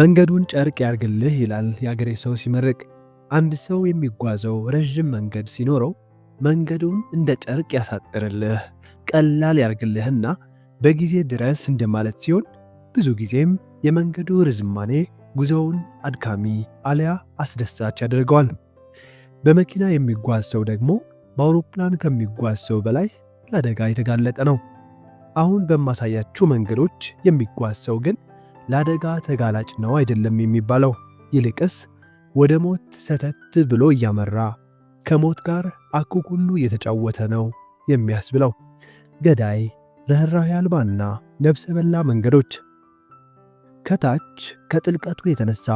መንገዱን ጨርቅ ያርግልህ ይላል የአገሬ ሰው ሲመርቅ። አንድ ሰው የሚጓዘው ረዥም መንገድ ሲኖረው መንገዱን እንደ ጨርቅ ያሳጥርልህ፣ ቀላል ያርግልህና በጊዜ ድረስ እንደማለት ሲሆን ብዙ ጊዜም የመንገዱ ርዝማኔ ጉዞውን አድካሚ አለያ አስደሳች ያደርገዋል። በመኪና የሚጓዝ ሰው ደግሞ በአውሮፕላን ከሚጓዝ ሰው በላይ ለአደጋ የተጋለጠ ነው። አሁን በማሳያችሁ መንገዶች የሚጓዝ ሰው ግን ለአደጋ ተጋላጭ ነው አይደለም የሚባለው። ይልቅስ ወደ ሞት ሰተት ብሎ እያመራ ከሞት ጋር አኩኩሉ እየተጫወተ ነው የሚያስብለው። ገዳይ፣ ርኅራኄ አልባና ነፍሰ በላ መንገዶች ከታች ከጥልቀቱ የተነሳ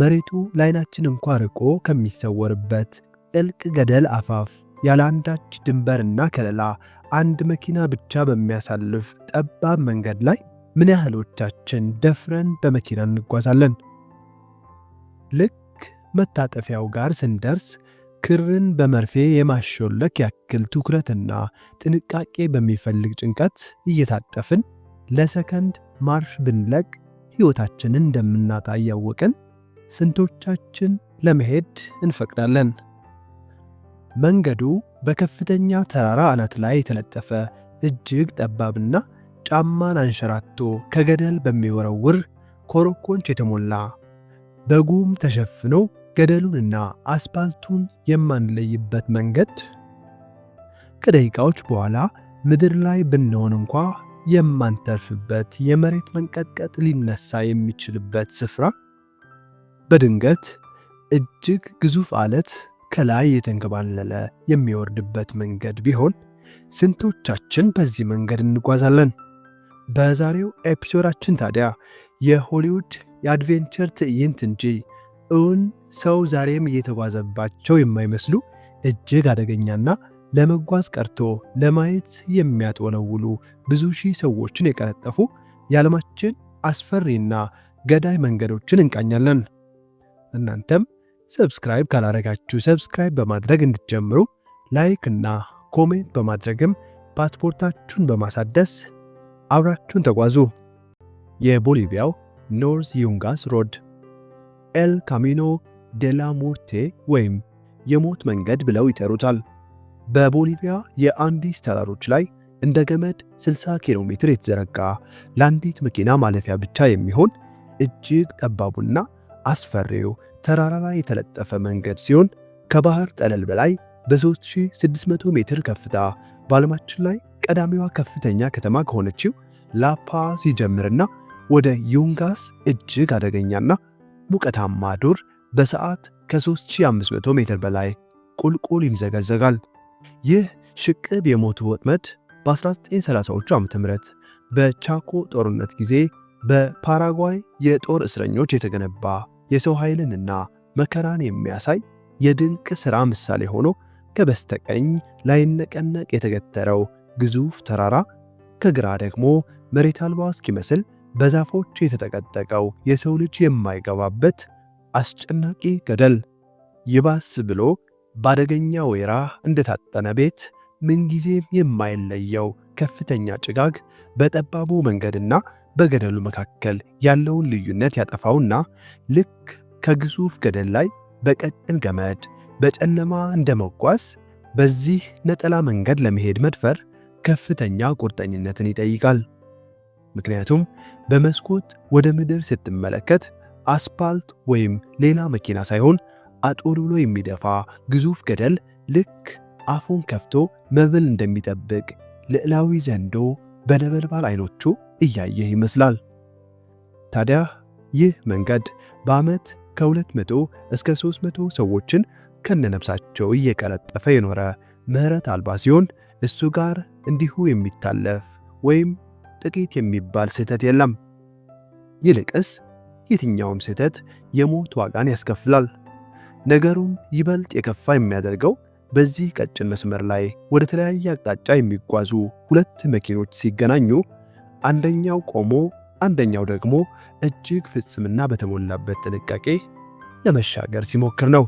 መሬቱ ላይናችን እንኳ ርቆ ከሚሰወርበት ጥልቅ ገደል አፋፍ ያለ አንዳች ድንበርና ከለላ አንድ መኪና ብቻ በሚያሳልፍ ጠባብ መንገድ ላይ ምን ያህሎቻችን ደፍረን በመኪና እንጓዛለን? ልክ መታጠፊያው ጋር ስንደርስ ክርን በመርፌ የማሾለክ ያክል ትኩረትና ጥንቃቄ በሚፈልግ ጭንቀት እየታጠፍን ለሰከንድ ማርሽ ብንለቅ ሕይወታችንን እንደምናጣ እያወቅን ስንቶቻችን ለመሄድ እንፈቅዳለን? መንገዱ በከፍተኛ ተራራ አናት ላይ የተለጠፈ እጅግ ጠባብና ጫማን አንሸራቶ ከገደል በሚወረውር ኮረኮንች የተሞላ በጉም ተሸፍኖ ገደሉንና አስፓልቱን የማንለይበት መንገድ ከደቂቃዎች በኋላ ምድር ላይ ብንሆን እንኳ የማንተርፍበት የመሬት መንቀጥቀጥ ሊነሳ የሚችልበት ስፍራ በድንገት እጅግ ግዙፍ አለት ከላይ የተንከባለለ የሚወርድበት መንገድ ቢሆን ስንቶቻችን በዚህ መንገድ እንጓዛለን? በዛሬው ኤፒሶዳችን ታዲያ የሆሊውድ የአድቬንቸር ትዕይንት እንጂ እውን ሰው ዛሬም እየተጓዘባቸው የማይመስሉ እጅግ አደገኛና ለመጓዝ ቀርቶ ለማየት የሚያጥወነውሉ ብዙ ሺህ ሰዎችን የቀለጠፉ የዓለማችን አስፈሪና ገዳይ መንገዶችን እንቃኛለን። እናንተም ሰብስክራይብ ካላረጋችሁ ሰብስክራይብ በማድረግ እንድትጀምሩ፣ ላይክ እና ኮሜንት በማድረግም ፓስፖርታችሁን በማሳደስ አብራችሁን ተጓዙ። የቦሊቪያው ኖርዝ ዩንጋስ ሮድ ኤል ካሚኖ ደላ ሞርቴ ወይም የሞት መንገድ ብለው ይጠሩታል። በቦሊቪያ የአንዲስ ተራሮች ላይ እንደ ገመድ 60 ኪሎ ሜትር የተዘረጋ ለአንዲት መኪና ማለፊያ ብቻ የሚሆን እጅግ ጠባቡና አስፈሪው ተራራ ላይ የተለጠፈ መንገድ ሲሆን ከባህር ጠለል በላይ በ3600 ሜትር ከፍታ በዓለማችን ላይ ቀዳሚዋ ከፍተኛ ከተማ ከሆነችው ላፓ ሲጀምርና ወደ ዩንጋስ እጅግ አደገኛና ሙቀታማ ዱር በሰዓት ከ3500 ሜትር በላይ ቁልቁል ይምዘገዘጋል። ይህ ሽቅብ የሞቱ ወጥመድ በ1930ዎቹ ዓ ምህረት በቻኮ ጦርነት ጊዜ በፓራጓይ የጦር እስረኞች የተገነባ የሰው ኃይልንና መከራን የሚያሳይ የድንቅ ሥራ ምሳሌ ሆኖ ከበስተቀኝ ላይነቀነቅ የተገተረው ግዙፍ ተራራ ከግራ ደግሞ መሬት አልባ እስኪመስል በዛፎች የተጠቀጠቀው የሰው ልጅ የማይገባበት አስጨናቂ ገደል ይባስ ብሎ በአደገኛ ወይራ እንደታጠነ ቤት ምንጊዜም የማይለየው ከፍተኛ ጭጋግ በጠባቡ መንገድና በገደሉ መካከል ያለውን ልዩነት ያጠፋውና ልክ ከግዙፍ ገደል ላይ በቀጭን ገመድ በጨለማ እንደመጓዝ በዚህ ነጠላ መንገድ ለመሄድ መድፈር ከፍተኛ ቁርጠኝነትን ይጠይቃል። ምክንያቱም በመስኮት ወደ ምድር ስትመለከት አስፓልት ወይም ሌላ መኪና ሳይሆን አጦር ብሎ የሚደፋ ግዙፍ ገደል ልክ አፉን ከፍቶ መብል እንደሚጠብቅ ልዕላዊ ዘንዶ በነበልባል አይኖቹ እያየህ ይመስላል። ታዲያ ይህ መንገድ በዓመት ከ200 እስከ 300 ሰዎችን ከነነብሳቸው እየቀለጠፈ የኖረ ምህረት አልባ ሲሆን እሱ ጋር እንዲሁ የሚታለፍ ወይም ጥቂት የሚባል ስህተት የለም። ይልቅስ የትኛውም ስህተት የሞት ዋጋን ያስከፍላል። ነገሩን ይበልጥ የከፋ የሚያደርገው በዚህ ቀጭን መስመር ላይ ወደ ተለያየ አቅጣጫ የሚጓዙ ሁለት መኪኖች ሲገናኙ አንደኛው ቆሞ አንደኛው ደግሞ እጅግ ፍጽምና በተሞላበት ጥንቃቄ ለመሻገር ሲሞክር ነው።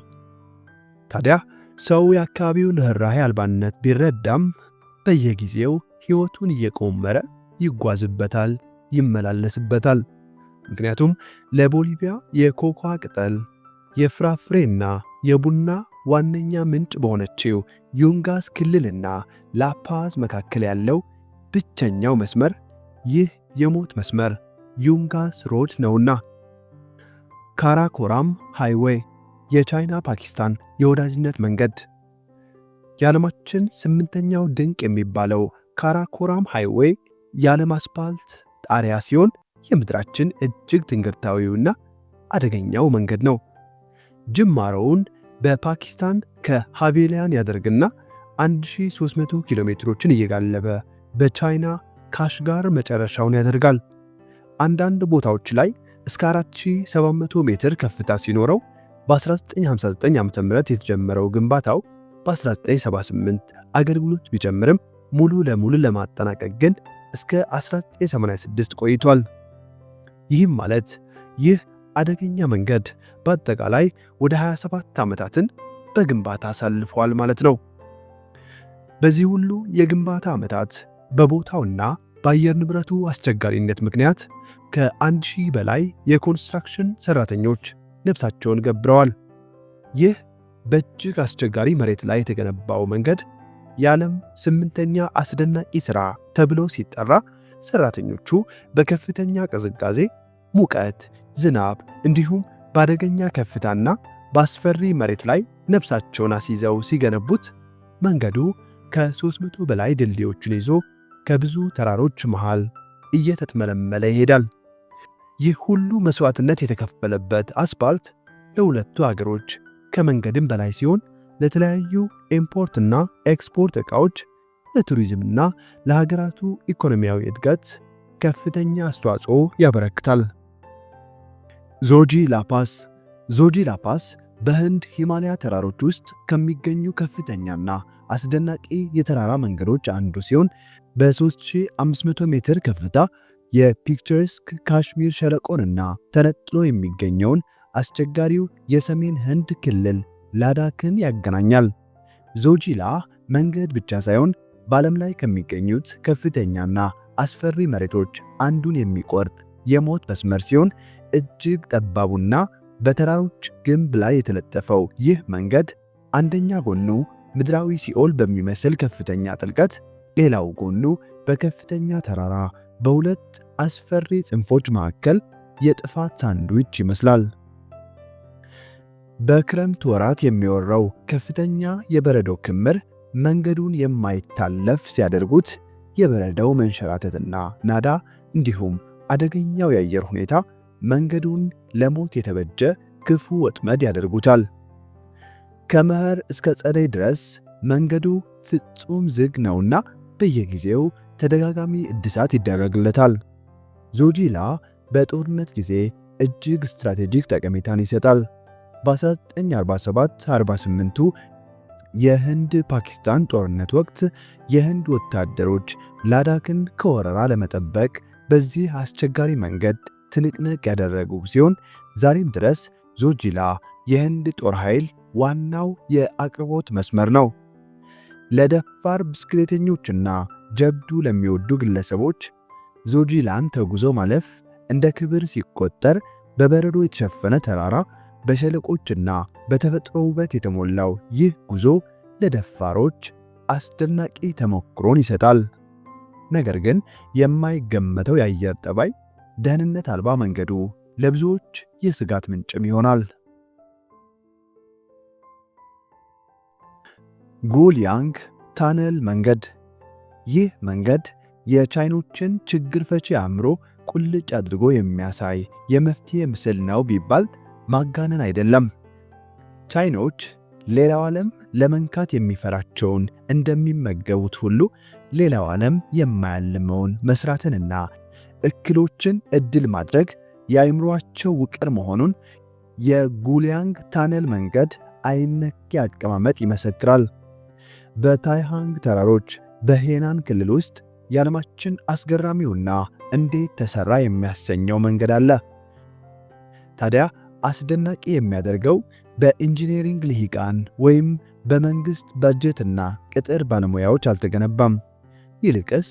ታዲያ ሰው የአካባቢውን ርኅራኄ አልባነት ቢረዳም በየጊዜው ሕይወቱን እየቆመረ ይጓዝበታል፣ ይመላለስበታል። ምክንያቱም ለቦሊቪያ የኮካ ቅጠል የፍራፍሬና የቡና ዋነኛ ምንጭ በሆነችው ዩንጋስ ክልልና ላፓዝ መካከል ያለው ብቸኛው መስመር ይህ የሞት መስመር ዩንጋስ ሮድ ነውና። ካራኮራም ሃይዌይ የቻይና ፓኪስታን የወዳጅነት መንገድ የዓለማችን ስምንተኛው ድንቅ የሚባለው ካራኮራም ሃይዌይ የዓለም አስፓልት ጣሪያ ሲሆን የምድራችን እጅግ ትንግርታዊውና አደገኛው መንገድ ነው። ጅማሮውን በፓኪስታን ከሃቬሊያን ያደርግና 1300 ኪሎ ሜትሮችን እየጋለበ በቻይና ካሽጋር መጨረሻውን ያደርጋል። አንዳንድ ቦታዎች ላይ እስከ 4700 ሜትር ከፍታ ሲኖረው በ1959 ዓ.ም የተጀመረው ግንባታው በ1978 አገልግሎት ቢጀምርም ሙሉ ለሙሉ ለማጠናቀቅ ግን እስከ 1986 ቆይቷል። ይህም ማለት ይህ አደገኛ መንገድ በአጠቃላይ ወደ 27 ዓመታትን በግንባታ አሳልፏል ማለት ነው። በዚህ ሁሉ የግንባታ ዓመታት በቦታውና በአየር ንብረቱ አስቸጋሪነት ምክንያት ከ1000 በላይ የኮንስትራክሽን ሰራተኞች ነፍሳቸውን ገብረዋል። ይህ በእጅግ አስቸጋሪ መሬት ላይ የተገነባው መንገድ የዓለም ስምንተኛ አስደናቂ ሥራ ተብሎ ሲጠራ ሰራተኞቹ በከፍተኛ ቅዝቃዜ፣ ሙቀት፣ ዝናብ እንዲሁም በአደገኛ ከፍታና በአስፈሪ መሬት ላይ ነፍሳቸውን አስይዘው ሲገነቡት መንገዱ ከ300 በላይ ድልድዮችን ይዞ ከብዙ ተራሮች መሃል እየተጥመለመለ ይሄዳል። ይህ ሁሉ መስዋዕትነት የተከፈለበት አስፓልት ለሁለቱ አገሮች ከመንገድም በላይ ሲሆን ለተለያዩ ኢምፖርትና ኤክስፖርት ዕቃዎች፣ ለቱሪዝምና ለሀገራቱ ኢኮኖሚያዊ እድገት ከፍተኛ አስተዋጽኦ ያበረክታል። ዞጂ ላፓስ ዞጂ ላፓስ በህንድ ሂማሊያ ተራሮች ውስጥ ከሚገኙ ከፍተኛና አስደናቂ የተራራ መንገዶች አንዱ ሲሆን በ3500 ሜትር ከፍታ የፒክቸርስክ ካሽሚር ሸለቆንና ተነጥሎ የሚገኘውን አስቸጋሪው የሰሜን ህንድ ክልል ላዳክን ያገናኛል። ዞጂላ መንገድ ብቻ ሳይሆን በዓለም ላይ ከሚገኙት ከፍተኛና አስፈሪ መሬቶች አንዱን የሚቆርጥ የሞት መስመር ሲሆን እጅግ ጠባቡና በተራሮች ግንብ ላይ የተለጠፈው ይህ መንገድ አንደኛ ጎኑ ምድራዊ ሲኦል በሚመስል ከፍተኛ ጥልቀት፣ ሌላው ጎኑ በከፍተኛ ተራራ በሁለት አስፈሪ ጽንፎች መካከል የጥፋት ሳንድዊች ይመስላል። በክረምት ወራት የሚወራው ከፍተኛ የበረዶ ክምር መንገዱን የማይታለፍ ሲያደርጉት የበረዶው መንሸራተትና ናዳ እንዲሁም አደገኛው የአየር ሁኔታ መንገዱን ለሞት የተበጀ ክፉ ወጥመድ ያደርጉታል። ከመኸር እስከ ጸደይ ድረስ መንገዱ ፍጹም ዝግ ነውና በየጊዜው ተደጋጋሚ እድሳት ይደረግለታል። ዞጂላ በጦርነት ጊዜ እጅግ ስትራቴጂክ ጠቀሜታን ይሰጣል። በ1947 48ቱ የህንድ ፓኪስታን ጦርነት ወቅት የህንድ ወታደሮች ላዳክን ከወረራ ለመጠበቅ በዚህ አስቸጋሪ መንገድ ትንቅንቅ ያደረጉ ሲሆን ዛሬም ድረስ ዞጂላ የህንድ ጦር ኃይል ዋናው የአቅርቦት መስመር ነው። ለደፋር ብስክሌተኞችና ጀብዱ ለሚወዱ ግለሰቦች ዞጂላን ተጉዞ ማለፍ እንደ ክብር ሲቆጠር፣ በበረዶ የተሸፈነ ተራራ በሸለቆችና በተፈጥሮ ውበት የተሞላው ይህ ጉዞ ለደፋሮች አስደናቂ ተሞክሮን ይሰጣል። ነገር ግን የማይገመተው የአየር ጠባይ፣ ደህንነት አልባ መንገዱ ለብዙዎች የስጋት ምንጭም ይሆናል። ጉልያንግ ታነል መንገድ። ይህ መንገድ የቻይኖችን ችግር ፈቺ አእምሮ ቁልጭ አድርጎ የሚያሳይ የመፍትሄ ምስል ነው ቢባል ማጋነን አይደለም። ቻይኖች ሌላው ዓለም ለመንካት የሚፈራቸውን እንደሚመገቡት ሁሉ ሌላው ዓለም የማያልመውን መስራትንና እክሎችን እድል ማድረግ ያይምሯቸው ውቅር መሆኑን የጉሊያንግ ታነል መንገድ አይነኪ አቀማመጥ ይመሰክራል። በታይሃንግ ተራሮች በሄናን ክልል ውስጥ የዓለማችን አስገራሚውና እንዴት ተሰራ የሚያሰኘው መንገድ አለ። ታዲያ አስደናቂ የሚያደርገው በኢንጂነሪንግ ልሂቃን ወይም በመንግሥት በጀትና ቅጥር ባለሙያዎች አልተገነባም። ይልቅስ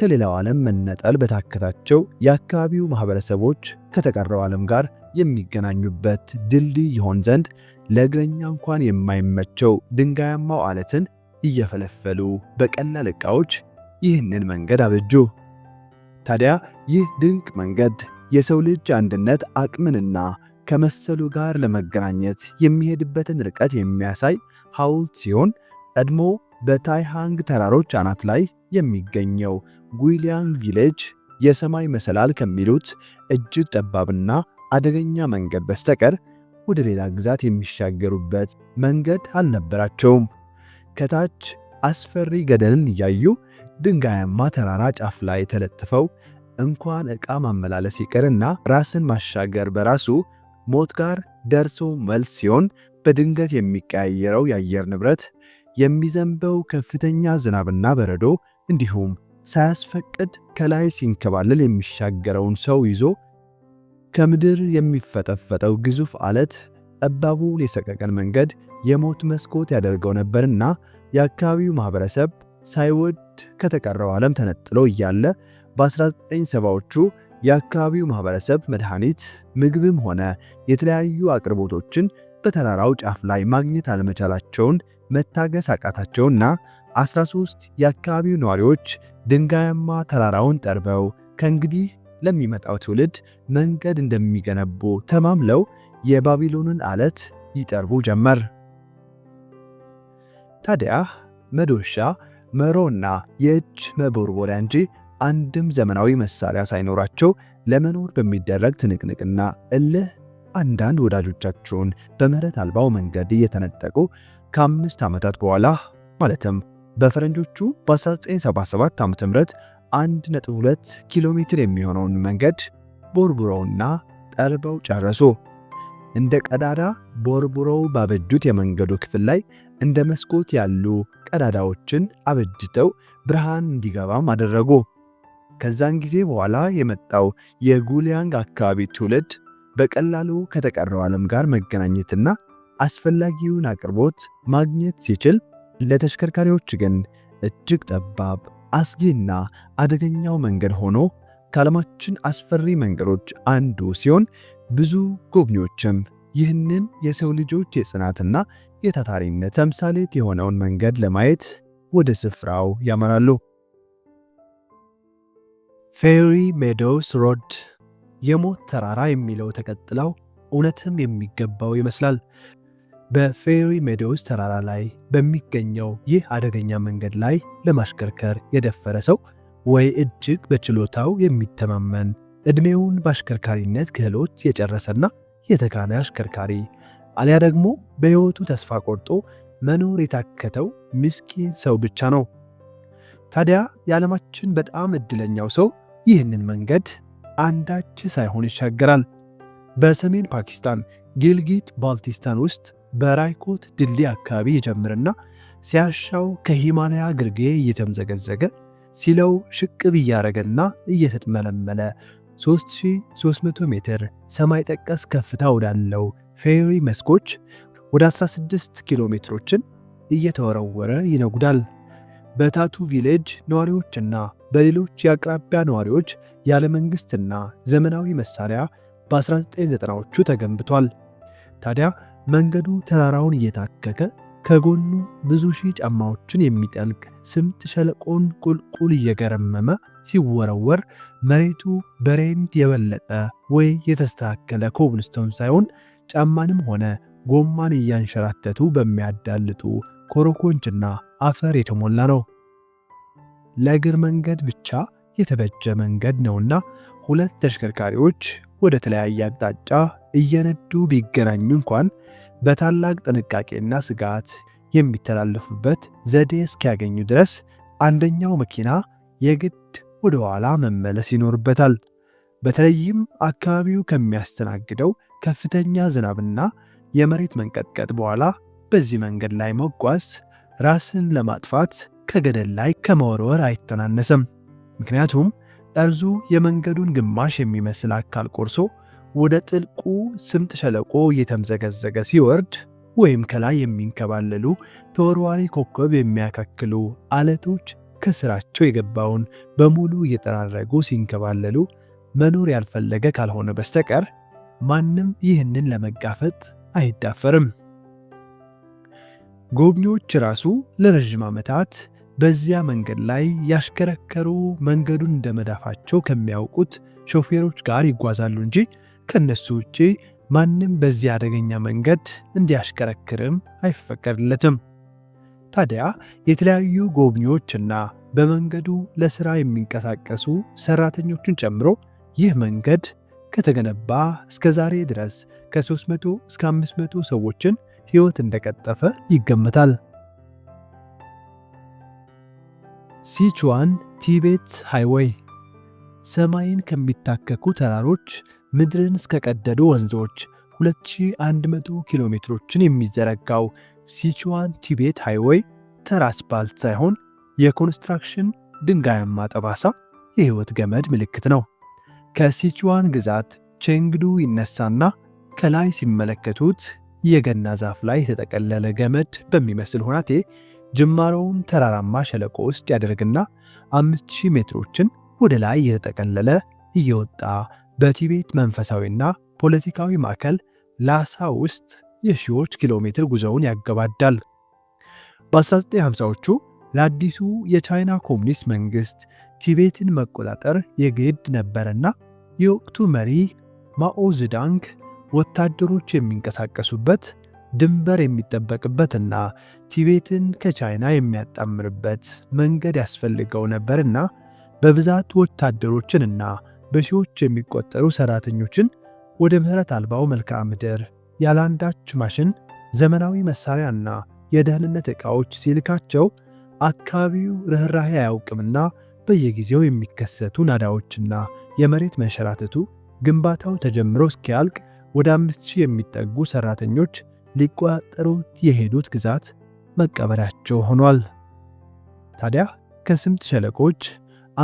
ከሌላው ዓለም መነጠል በታከታቸው የአካባቢው ማኅበረሰቦች ከተቀረው ዓለም ጋር የሚገናኙበት ድልድይ ይሆን ዘንድ ለእግረኛ እንኳን የማይመቸው ድንጋያማው ዓለትን እየፈለፈሉ በቀላል ዕቃዎች ይህንን መንገድ አበጁ። ታዲያ ይህ ድንቅ መንገድ የሰው ልጅ አንድነት አቅምንና ከመሰሉ ጋር ለመገናኘት የሚሄድበትን ርቀት የሚያሳይ ሐውልት ሲሆን ቀድሞ በታይሃንግ ተራሮች አናት ላይ የሚገኘው ጉይሊያንግ ቪሌጅ የሰማይ መሰላል ከሚሉት እጅግ ጠባብና አደገኛ መንገድ በስተቀር ወደ ሌላ ግዛት የሚሻገሩበት መንገድ አልነበራቸውም። ከታች አስፈሪ ገደልን እያዩ ድንጋያማ ተራራ ጫፍ ላይ ተለጥፈው እንኳን ዕቃ ማመላለስ ይቅርና ራስን ማሻገር በራሱ ሞት ጋር ደርሶ መልስ ሲሆን በድንገት የሚቀያየረው የአየር ንብረት፣ የሚዘንበው ከፍተኛ ዝናብና በረዶ እንዲሁም ሳያስፈቅድ ከላይ ሲንከባለል የሚሻገረውን ሰው ይዞ ከምድር የሚፈጠፈጠው ግዙፍ አለት ጠባቡ የሰቀቀን መንገድ የሞት መስኮት ያደርገው ነበርና የአካባቢው ማህበረሰብ ሳይወድ ከተቀረው ዓለም ተነጥሎ እያለ በ1970ዎቹ የአካባቢው ማህበረሰብ መድኃኒት፣ ምግብም ሆነ የተለያዩ አቅርቦቶችን በተራራው ጫፍ ላይ ማግኘት አለመቻላቸውን መታገስ አቃታቸውና 13 የአካባቢው ነዋሪዎች ድንጋያማ ተራራውን ጠርበው ከእንግዲህ ለሚመጣው ትውልድ መንገድ እንደሚገነቡ ተማምለው የባቢሎንን አለት ይጠርቡ ጀመር። ታዲያ መዶሻ መሮና የእጅ መቦርቦሪያ እንጂ አንድም ዘመናዊ መሳሪያ ሳይኖራቸው ለመኖር በሚደረግ ትንቅንቅና እልህ አንዳንድ ወዳጆቻቸውን በመሬት አልባው መንገድ እየተነጠቁ ከአምስት ዓመታት በኋላ ማለትም በፈረንጆቹ በ1977 ዓ.ም 1.2 ኪሎ ሜትር የሚሆነውን መንገድ ቦርቡረውና ጠርበው ጨረሱ። እንደ ቀዳዳ ቦርቡረው ባበጁት የመንገዱ ክፍል ላይ እንደ መስኮት ያሉ ቀዳዳዎችን አበጅተው ብርሃን እንዲገባም አደረጉ። ከዛን ጊዜ በኋላ የመጣው የጉሊያንግ አካባቢ ትውልድ በቀላሉ ከተቀረው ዓለም ጋር መገናኘትና አስፈላጊውን አቅርቦት ማግኘት ሲችል፣ ለተሽከርካሪዎች ግን እጅግ ጠባብ አስጊና አደገኛው መንገድ ሆኖ ከዓለማችን አስፈሪ መንገዶች አንዱ ሲሆን ብዙ ጎብኚዎችም ይህንን የሰው ልጆች የጽናትና የታታሪነት ተምሳሌት የሆነውን መንገድ ለማየት ወደ ስፍራው ያመራሉ። ፌሪ ሜዶውስ ሮድ የሞት ተራራ የሚለው ተቀጥለው እውነትም የሚገባው ይመስላል። በፌሪ ሜዶውስ ተራራ ላይ በሚገኘው ይህ አደገኛ መንገድ ላይ ለማሽከርከር የደፈረ ሰው ወይ እጅግ በችሎታው የሚተማመን ዕድሜውን በአሽከርካሪነት ክህሎት የጨረሰና የተካነ አሽከርካሪ አሊያ ደግሞ በሕይወቱ ተስፋ ቆርጦ መኖር የታከተው ምስኪን ሰው ብቻ ነው። ታዲያ የዓለማችን በጣም እድለኛው ሰው ይህንን መንገድ አንዳች ሳይሆን ይሻገራል። በሰሜን ፓኪስታን ጊልጊት ባልቲስታን ውስጥ በራይኮት ድልድይ አካባቢ ይጀምርና ሲያሻው ከሂማላያ ግርጌ እየተምዘገዘገ ሲለው ሽቅብ እያረገና እየተጥመለመለ 3300 ሜትር ሰማይ ጠቀስ ከፍታ ወዳለው ፌሪ መስኮች ወደ 16 ኪሎ ሜትሮችን እየተወረወረ ይነጉዳል። በታቱ ቪሌጅ ነዋሪዎችና በሌሎች የአቅራቢያ ነዋሪዎች ያለ መንግሥትና ዘመናዊ መሳሪያ በ1990ዎቹ ተገንብቷል። ታዲያ መንገዱ ተራራውን እየታከከ ከጎኑ ብዙ ሺህ ጫማዎችን የሚጠልቅ ስምጥ ሸለቆን ቁልቁል እየገረመመ ሲወረወር መሬቱ በሬንድ የበለጠ ወይ የተስተካከለ ኮብልስቶን ሳይሆን ጫማንም ሆነ ጎማን እያንሸራተቱ በሚያዳልጡ ኮረኮንችና አፈር የተሞላ ነው። ለእግር መንገድ ብቻ የተበጀ መንገድ ነውና ሁለት ተሽከርካሪዎች ወደ ተለያየ አቅጣጫ እየነዱ ቢገናኙ እንኳን በታላቅ ጥንቃቄና ስጋት የሚተላለፉበት ዘዴ እስኪያገኙ ድረስ አንደኛው መኪና የግድ ወደ ኋላ መመለስ ይኖርበታል። በተለይም አካባቢው ከሚያስተናግደው ከፍተኛ ዝናብና የመሬት መንቀጥቀጥ በኋላ በዚህ መንገድ ላይ መጓዝ ራስን ለማጥፋት ከገደል ላይ ከመወርወር አይተናነሰም። ምክንያቱም ጠርዙ የመንገዱን ግማሽ የሚመስል አካል ቆርሶ ወደ ጥልቁ ስምጥ ሸለቆ እየተምዘገዘገ ሲወርድ ወይም ከላይ የሚንከባለሉ ተወርዋሪ ኮከብ የሚያካክሉ አለቶች ከስራቸው የገባውን በሙሉ እየጠራረጉ ሲንከባለሉ መኖር ያልፈለገ ካልሆነ በስተቀር ማንም ይህንን ለመጋፈጥ አይዳፈርም። ጎብኚዎች ራሱ ለረዥም ዓመታት በዚያ መንገድ ላይ ያሽከረከሩ መንገዱን እንደመዳፋቸው ከሚያውቁት ሾፌሮች ጋር ይጓዛሉ እንጂ ከነሱ ውጪ ማንም በዚያ አደገኛ መንገድ እንዲያሽከረክርም አይፈቀድለትም። ታዲያ የተለያዩ ጎብኚዎችና በመንገዱ ለሥራ የሚንቀሳቀሱ ሰራተኞችን ጨምሮ ይህ መንገድ ከተገነባ እስከ ዛሬ ድረስ ከ300 እስከ 500 ሰዎችን ሕይወት እንደቀጠፈ ይገመታል። ሲቹዋን ቲቤት ሃይዌይ ሰማይን ከሚታከኩ ተራሮች ምድርን እስከቀደዱ ወንዞች 2100 ኪሎ ሜትሮችን የሚዘረጋው ሲቹዋን ቲቤት ሃይዌይ ተራ አስፓልት ሳይሆን የኮንስትራክሽን ድንጋያማ ጠባሳ የህይወት ገመድ ምልክት ነው። ከሲቹዋን ግዛት ቼንግዱ ይነሳና ከላይ ሲመለከቱት የገና ዛፍ ላይ የተጠቀለለ ገመድ በሚመስል ሁናቴ ጅማሬውን ተራራማ ሸለቆ ውስጥ ያደርግና 5000 ሜትሮችን ወደ ላይ እየተጠቀለለ እየወጣ በቲቤት መንፈሳዊና ፖለቲካዊ ማዕከል ላሳ ውስጥ የሺዎች ኪሎ ሜትር ጉዞውን ያገባዳል። በ1950ዎቹ ለአዲሱ የቻይና ኮሚኒስት መንግስት ቲቤትን መቆጣጠር የግድ ነበርና የወቅቱ መሪ ማኦ ዝዳንግ ወታደሮች የሚንቀሳቀሱበት ድንበር የሚጠበቅበትና ቲቤትን ከቻይና የሚያጣምርበት መንገድ ያስፈልገው ነበርና በብዛት ወታደሮችንና በሺዎች የሚቆጠሩ ሰራተኞችን ወደ ምህረት አልባው መልክዓ ምድር ያላንዳች ማሽን ዘመናዊ መሳሪያና የደህንነት ዕቃዎች ሲልካቸው አካባቢው ርኅራሄ አያውቅምና በየጊዜው የሚከሰቱ ናዳዎችና የመሬት መንሸራተቱ ግንባታው ተጀምሮ እስኪያልቅ ወደ አምስት ሺህ የሚጠጉ ሰራተኞች ሊቆጣጠሩት የሄዱት ግዛት መቀበሪያቸው ሆኗል። ታዲያ ከስምጥ ሸለቆች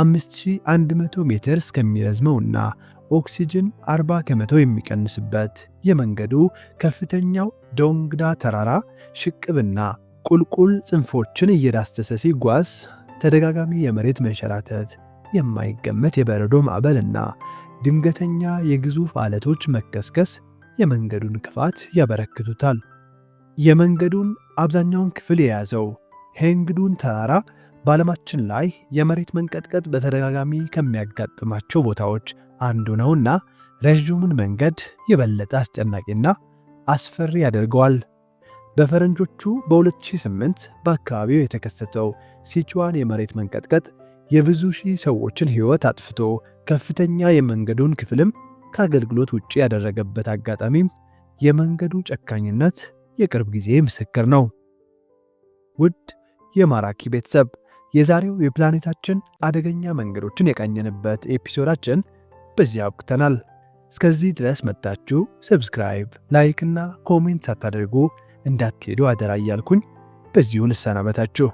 5100 ሜትር እስከሚረዝመውና ኦክሲጅን 40 ከመቶ የሚቀንስበት የመንገዱ ከፍተኛው ዶንግዳ ተራራ ሽቅብና ቁልቁል ጽንፎችን እየዳሰሰ ሲጓዝ ተደጋጋሚ የመሬት መንሸራተት፣ የማይገመት የበረዶ ማዕበልና ድንገተኛ የግዙፍ አለቶች መከስከስ የመንገዱን ክፋት ያበረክቱታል። የመንገዱን አብዛኛውን ክፍል የያዘው ሄንግዱን ተራራ በዓለማችን ላይ የመሬት መንቀጥቀጥ በተደጋጋሚ ከሚያጋጥማቸው ቦታዎች አንዱ ነውና ረዥሙን መንገድ የበለጠ አስጨናቂና አስፈሪ ያደርገዋል። በፈረንጆቹ በ2008 በአካባቢው የተከሰተው ሲችዋን የመሬት መንቀጥቀጥ የብዙ ሺህ ሰዎችን ሕይወት አጥፍቶ ከፍተኛ የመንገዱን ክፍልም ከአገልግሎት ውጭ ያደረገበት አጋጣሚም የመንገዱ ጨካኝነት የቅርብ ጊዜ ምስክር ነው። ውድ የማራኪ ቤተሰብ የዛሬው የፕላኔታችን አደገኛ መንገዶችን የቃኘንበት ኤፒሶዳችን በዚህ አብቅተናል። እስከዚህ ድረስ መጥታችሁ ሰብስክራይብ፣ ላይክ እና ኮሜንት ሳታደርጉ እንዳትሄዱ አደራ እያልኩኝ በዚሁ ልሰናበታችሁ።